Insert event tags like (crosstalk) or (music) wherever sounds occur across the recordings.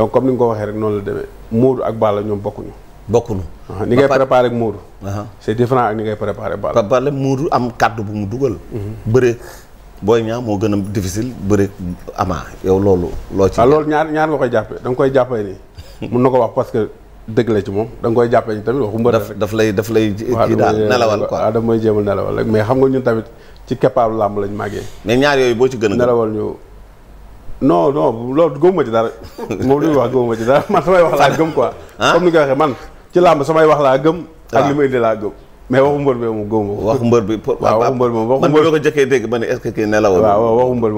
donc comme ni nga ko waxee rek noonu la demee Modou ak Balla ñoom bokkuñu. bokkuñu. Uh-huh. ni ngay préparé ak Modou. Uh-huh. c'est différent ak ni ngay préparé Balla. Balla Modou am kàddu bu mu dugal. Mm-hmm. bëre booy Niang moo gën a difficile bëre Ama yow loolu. loo ci ah, loolu ñaar ñaar nga koy jàppee da nga koy jàppee nii. (laughs) mun na ko wax parce que dëgg la ci moom da nga koy jàppee ni tamit waxu mbër rek daf lay daf lay. kii daal nelawal ko waaw mooy may jéem nelawal rek mais xam nga ñun tamit ci keppaaru làmb lañ màggee. mais ñaar yooyu boo ci gën a. nelawal ñu. non non loolu gëmuma ci dara moom li muy wax gëmuma ci dara man samay wax laa gëm quoi. Ah? comme ni nga waxee man ci làmb samay wax laa gëm. ak ah. li ma indi laa gëm. mais waxu mbër bi moom góobu. mbër bi waaw waxu mbër moom jëkkee dégg ma ne est-ce que kii nelawul. waaw waxu mbër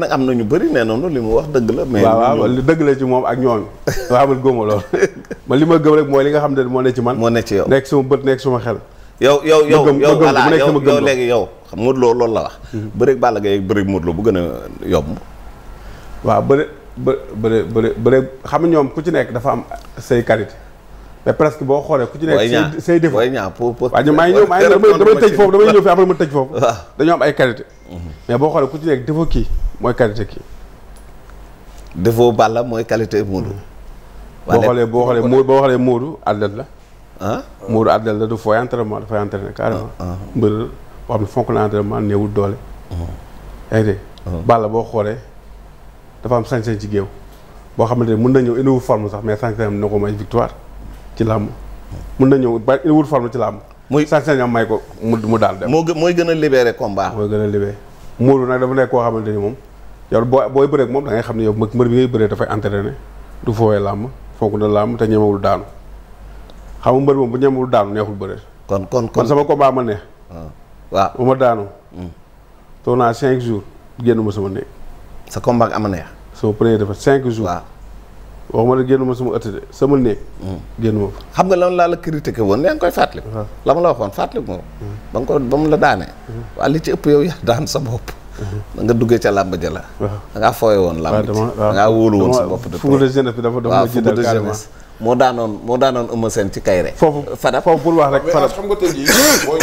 ah, am na ñu bëri nee noonu li mu wax dëgg la. ma waaw waaw dëgg la ci moom ak ñooñu. (laughs) waaw man góobu loolu (laughs) man li ma gëm rek mooy li nga xam ne moo ne ci man. moo ne ci yow nekk suma bët nekk suma xel yow yow yow yow voilà yow léegi yow xam Modou loolu la wax. Mhm. bëreeg Balla Gaye bëreeg Modou Lo bu gën a yomb. waaw bëre bëre bëre bëre xam ñoom ku ci nekk dafa am say qualité mais presque boo xoolee ku ci nekk say défaut waaye ñaa pour pour. waaye maa foofu damay ñëw fi après ma tëj foofu. (laughs) dañoo am ay qualité. Mhm. mais boo xoolee ku ci nekk défaut kii mooy qualité kii. défaut mooy qualité Modou. Mhm. xoolee boo xoolee Modou boo xoolee Modou la. Euh. ah, ah. Modou Adel la du fooy entraînement dafay entraîné carrément. ne fonk na entraînement néewul doole. Ah. yaa ngi dégg. Ah. boo xoolee dafa am sañ-sañ boo xamante ne na ñëw indiwul forme sax mais sañ-sañam na ko may victoire ci làmb. mën na ñëw ba indiwul forme ci làmb. muy sañ-sañam may ko mu mu daal dem. moo gën mooy gën a libéré combat. mooy gën a libéré Modou nag dafa nekk koo xamante ni moom yow boo booy bëree moom da ngay xam ne yow mbër bi ngay bëree dafay entraîné du fooyee làmb fonk na làmb te ñemewul daanu. xam nga mbër moom bu ñemul daanu kon kon kon sama combat ma neex. ma daanu. Hmm. toog naa cinq jours génn am neex. sama premier defar cinq jours. waaw waxuma ne génn ma sama ëtt sama néeg. Hmm. génn ma xam nga lan laa la critiqué woon yaa ngi koy fàttali. la ma la waxoon fàttali hmm. ba mu la daanee. waaw li ci ëpp yow yaa daan sa bopp. da nga duggee ca làmb ja la. waaw da fooye woon làmb ji. da ngaa wóolu woon sa bopp de. de jeunesse bi dafa dafa ma jiital carrément moo daanoon moo daanoon Eumeu seen ci Kaïré. foofu foofu pour wax rek. Fadam xam nga tey